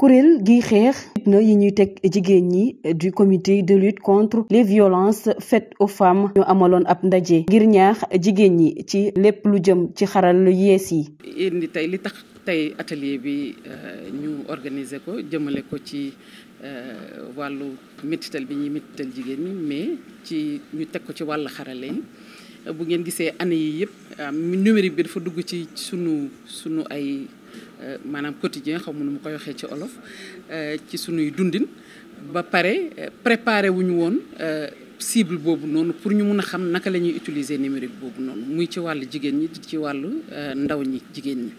kureel gi xeex fitna yi ñuy teg jigéen ñi du comité de lutte contre les violences faites aux femmes ñoo amaloon ab ndaje ngir ñaax jigéen ñi ci lépp lu jëm ci xaral yees yi indi tey li tax tey atelier bi euh, ñu organiser ko jëmale ko ci euh, wàllu métital bi ñuy métital jigéen ñi mais ci ñu teg ko ci wàll xarale bu ngeen gisee année yi yëpp numérique bi dafa dugg ci suñu suñu ay euh, maanaam quotidien xaw ma nu mu koy waxee ci olof euh, ci suñuy dundin ba pare euh, préparé wu ñu woon cible boobu noonu pour ñu mun a xam naka la ñuy utiliser numérique boobu noonu muy ci wàllu jigéen ñi ci wàllu ndaw ñi jigéen ñi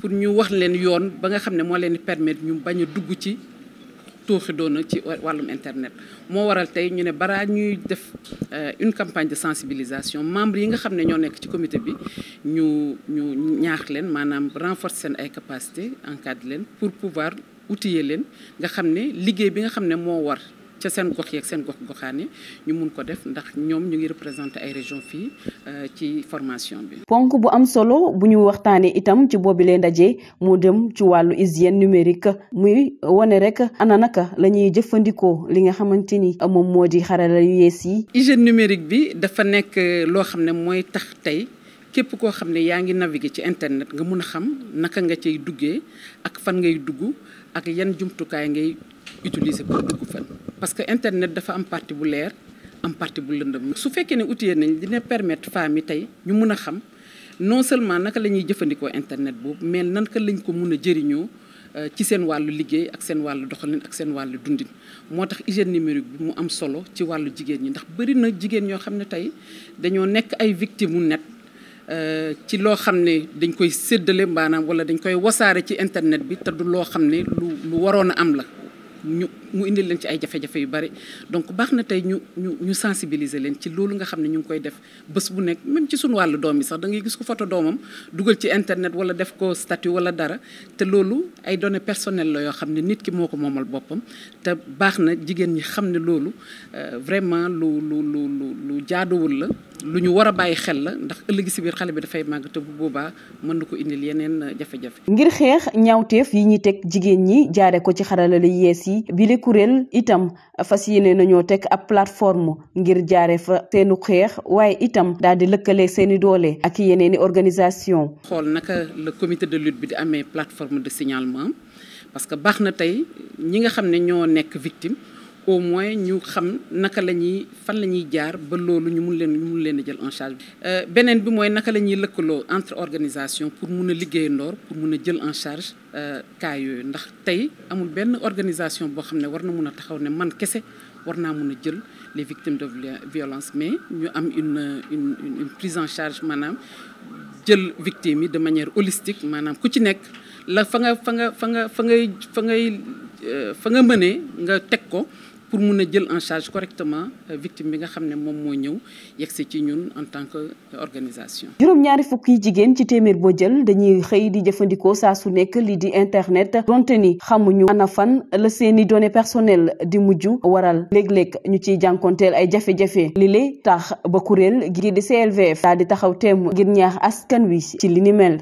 pour ñu wax leen yoon ba nga xam ne moo leen di permettre ñu bañ a dugg ci tooxi doona ci wàllum internet moo waral tey ñu ne baraa ñuy def euh, une campagne de sensibilisation membres yi nga xam ne ñoo nekk ci comité bi ñu ñu ñaax leen maanaam renforcer seen ay capacité encadre leen pour pouvoir outiller leen nga xam ne liggéey bi nga xam ne moo war ca seen gox yeeg seen gox goxaan yi ñu mun ko def ndax ñoom ñu ngi représenté ay région fii euh, ci formation bi. ponk bu am solo bu ñu waxtaanee itam ci boobilee ndaje mu dem ci wàllu hygiène numérique muy wane rek ana naka la jëfandikoo li nga xamante ni moom moo di xarala yu yees yi. hygiène bi dafa nekk loo xam ne mooy tax tey. képp koo xam ne yaa ngi naviguer ci internet nga mun a xam naka nga cay duggee ak fan ngay dugg ak yan jumtukaay ngay utiliser ko dugg fan. parce que internet dafa am partie bu leer am partie bu lëndëm. su fekkee ne outillé nañ dina permettre femmes yi tey ñu mën a xam non seulement naka la ñuy jëfandikoo internet boobu nan naka lañ ko mun a jëriñoo euh, ci seen wàllu liggéey ak seen wàllu doxalin ak seen wàllu dundin. moo tax hygiène numérique bi mu am solo ci wàllu jigéen ñi ndax bëri na jigéen ñoo xam ne tey dañoo nekk ay victimes mu net. Euh, ci loo xam ne dañ koy séddale maanaam wala dañ koy wasaare ci internet bi te du loo xam ne lu lu waroon a am la. ñu mu indi leen ci ay jafe-jafe yu bari donc baax na tey ñu ñu ñu sensibiliser leen ci loolu nga xam ne ñu ngi koy def bés bu nekk même ci suñu wàllu doom yi sax dangay gis ko photo doomam dugal ci internet wala def ko statut wala dara te loolu ay données personnelles la yoo xam ne nit ki moo ko moomal boppam te baax na jigéen ñi xam ne loolu euh, vraiment lu lu lu lu jaaduwul la lu ñu war a bàyyi xel la ndax ëllëg si biir xale bi dafay màgg te bu boobaa mën na ko indil yeneen jafe-jafe. ngir xeex ñaawteef yi ñu teg jigéen ñi jaare ko ci xarala yu yees yi bile kuréel itam fas yéene nañoo teg ab plateforme ngir jaare fa seenu xeex waaye itam daal di lëkkale seeni doole ak yeneen i organisation xool naka le comité de lutte bi di amee plateforme de signalement parce que baax na tey ñi nga xam ne ñoo nekk victime. au moins ñu xam naka la ñuy fan la ñuy jaar ba loolu ñu mun leen ñu leen a jël en charge. Euh, beneen bi mooy naka la ñuy lëkkaloo entre organisation pour mun a liggéeyandoor pour mun a jël en charge euh, cas yooyu ndax tey amul benn organisation boo xam ne war na mun a taxaw ne man kese war naa mun a jël les victimes de violence mais ñu am une une une prise en charge maanaam jël victime yi de manière holistique maanaam ku ci nekk la fa nga fa nga fa nga fa ngay fa ngay euh, fa nga mënee nga teg ko pour mun a jël en charge correctement euh, victime bi nga xam ne moom moo ñëw yegsi ci ñun en tant que euh, organisation. juróom-ñaari fukk yi jigéen ci téeméer boo jël dañuy xëy di jëfandikoo saa su nekk lii di internet donte ni xamuñu ana fan la seeni données personnelles di mujj waral léeg-léeg ñu ciy jànkonteel ay jafe-jafe li lay tax ba kuréel gi di CLVF daal di taxaw temm ngir ñaax askan wi ci li ni mel.